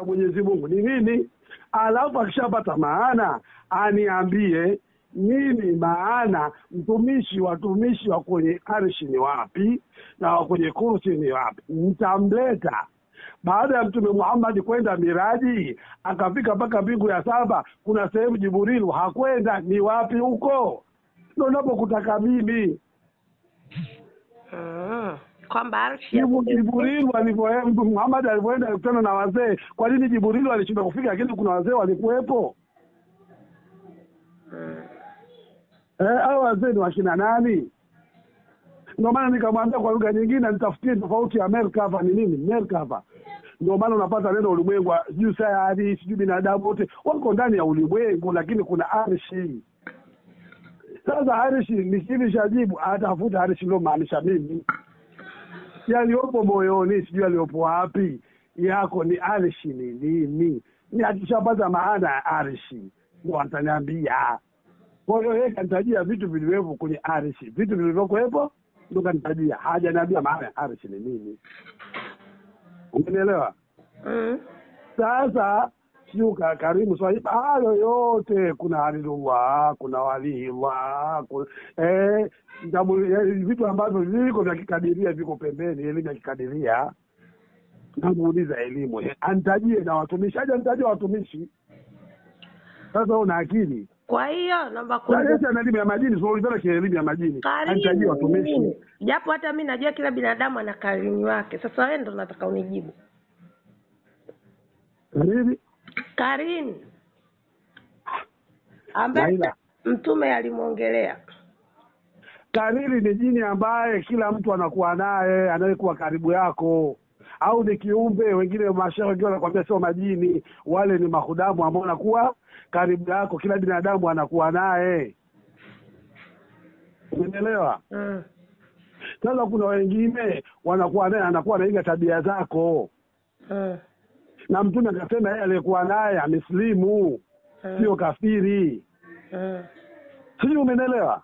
cha Mwenyezi Mungu ni nini, alafu akishapata maana aniambie nini maana mtumishi watumishi wa kwenye arshi ni wapi na wa kwenye kursi ni wapi, nitamleta baada ya Mtume Muhammad kwenda miraji akafika mpaka mbingu ya saba, kuna sehemu jiburilu hakwenda, ni wapi huko? Ndo napokutaka mimi. Eh? kwamba arshi Jibrilu alivyoenda Muhammad alivyoenda alikutana na wazee. Kwa nini Jibrilu alishindwa kufika, lakini kuna wazee walikuwepo? hmm. Eh, au wazee ni wakina nani? Ndio maana nikamwambia kwa lugha nyingine, nitafutie tofauti ya merkava ni nini. Merkava ndio maana unapata neno ulimwengu, sijui sayari, sijui binadamu, wote wako ndani ya ulimwengu, lakini kuna arshi. Sasa arshi, nikili shajibu atafuta arshi iliyomaanisha mimi yaliyopo moyoni, sijui yaliyopo wapi, yako ni arshi ni nini? Ni akishapata maana ya arshi ndo ataniambia. Kwa hiyo yeye kanitajia vitu vilivyopo kwenye arshi, vitu vilivyokuwepo ndo kanitajia, hajaniambia maana ya arshi ni nini. Umenielewa? mm. Sasa siuka karimu swahiba hayo yote, kuna halilullah, kuna walillah eh, eh, vitu ambavyo viko vya kikadiria viko pembeni, elimu ya kikadiria namuuliza elimu antajie na watumishi, aja ntajia watumishi. Sasa una akili kwa hiyo namba kuuliza elimu ya majini, siulizana kia elimu ya majini, antajie watumishi, japo hata mi najua kila binadamu ana karimi wake. Sasa wewe ndo nataka unijibu Karin ambaye Mtume alimwongelea. Kariri ni jini ambaye kila mtu anakuwa naye anayekuwa karibu yako au ni kiumbe. Wengine mashehe wengine wanakwambia sio majini, wale ni mahudamu ambao wanakuwa karibu yako, kila binadamu anakuwa naye. Umeelewa? Mm. Sasa kuna wengine wanakuwa naye, anakuwa anaiga tabia zako. Mm na mtume akasema yeye aliyekuwa naye amesilimu eh. sio kafiri. Eh. Sijui umenaelewa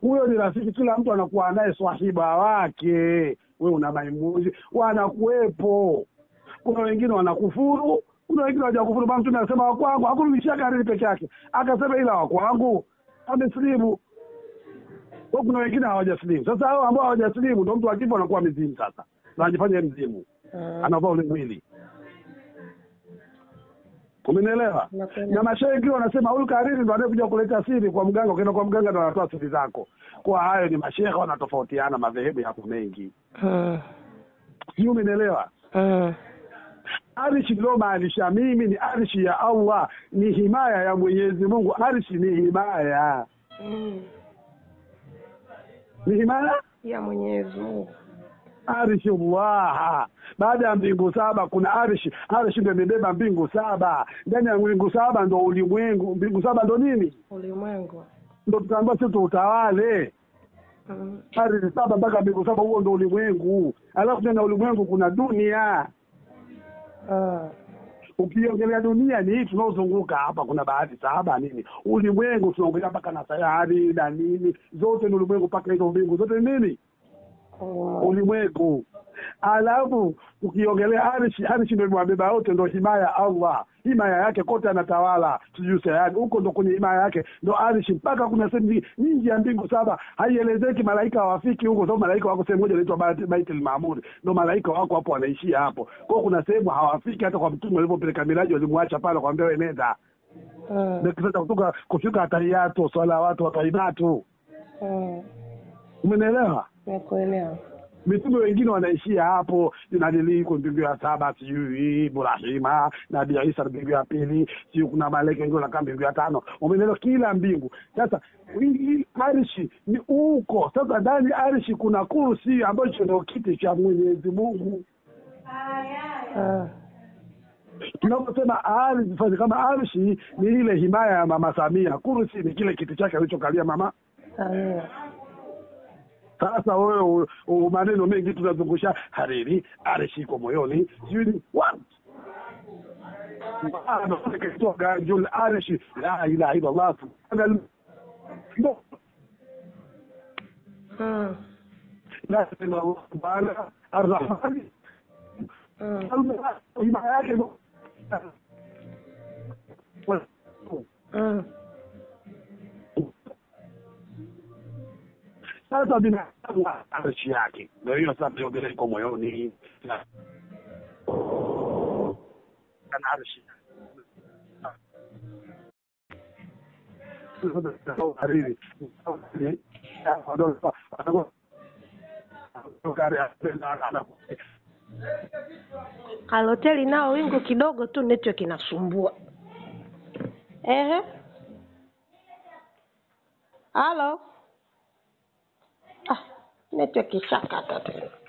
Huyo ni rafiki, kila mtu anakuwa naye swahiba wake. We una maimuzi, wanakuwepo. Kuna wengine wanakufuru, kuna wengine wajakufuru ba Mtume anasema wakwangu, hakurudishia gari peke yake, akasema ila wakwangu amesilimu kwa kuna wengine hawajasilimu. Sasa hao ambao hawajasilimu ndo mtu akifa anakuwa mizimu. Sasa anajifanya mzimu, eh. anavaa ule mwili umenielewa na mashehe wanasema huyu kariri ndo anaekuja kuleta siri kwa mganga ukienda kwa mganga ndo anatoa siri zako kwa hayo ni mashehe wanatofautiana madhehebu yako mengi uh. sijui umenielewa uh. Arshi iliyomaanisha mimi ni arshi ya Allah, ni himaya ya Mwenyezi Mungu. Arshi ni himaya mm. ni himaya ya Mwenyezi Mungu arshi llaha. Baada ya mbingu saba kuna arshi. Arshi ndio imebeba mbingu saba, ndani ya mbingu saba ndo ulimwengu. Mbingu saba ndo nini? Ulimwengu ndo tutaambia sisi tuutawale mm. saba mpaka mbingu saba, huo ndo ulimwengu. Alafu ya ulimwengu kuna dunia uh. Ukiongelea dunia ni hii tunaozunguka hapa, kuna baadhi saba nini, ulimwengu tunaongelea mpaka na sayari na nini, zote ni ulimwengu, mpaka hizo mbingu zote nini ulimwengu. Alafu ukiongelea arshi, arshi ndo mwabeba yote, ndo himaya ya Allah, himaya yake kote anatawala, tujusayani huko ndo kwenye himaya yake ndo arshi. Mpaka kuna sehemu nyingi ya mbingu saba haielezeki, malaika hawafiki huko, sababu malaika wako sehemu moja inaitwa Baitul ndo malaika wako hapo, wanaishia hapo. Kwao kuna sehemu hawafiki, hata kwa mtume walivyopeleka miraji walimwacha pale, kwambia enenda eh. nakisasa kutoka kushuka atahiyatu salawatu watahimatu, eh. umenielewa? Nakuelewa. Mitume wengine wanaishia hapo, nanili iko mbingu ya saba, sijui Ibrahima, Nabii Isa mbingu ya pili, sijui kuna malaika wengine wanakaa mbingu ya tano, wamenelewa kila mbingu. Sasa hii arshi ni uko sasa, ndani arshi kuna kursi ambacho ndio kiti cha Mwenyezi Mungu. Ah, tunaposema arshi kama arshi ni ile himaya ya Mama Samia, kursi ni kile kiti chake alichokalia mama Samia. Sasa wewe maneno mengi tunazungusha hariri arishiko moyoni, sijui what kutoka juu arishi, la ilaha illa Allah subhana lazima Allah subhana arrahmani sasa binadamu anachi yake, na hiyo sasa niogelea kwa moyoni na arshi Kaloteli nao wingu kidogo tu, network inasumbua. Ehe, halo. मैं तो किस्सा का था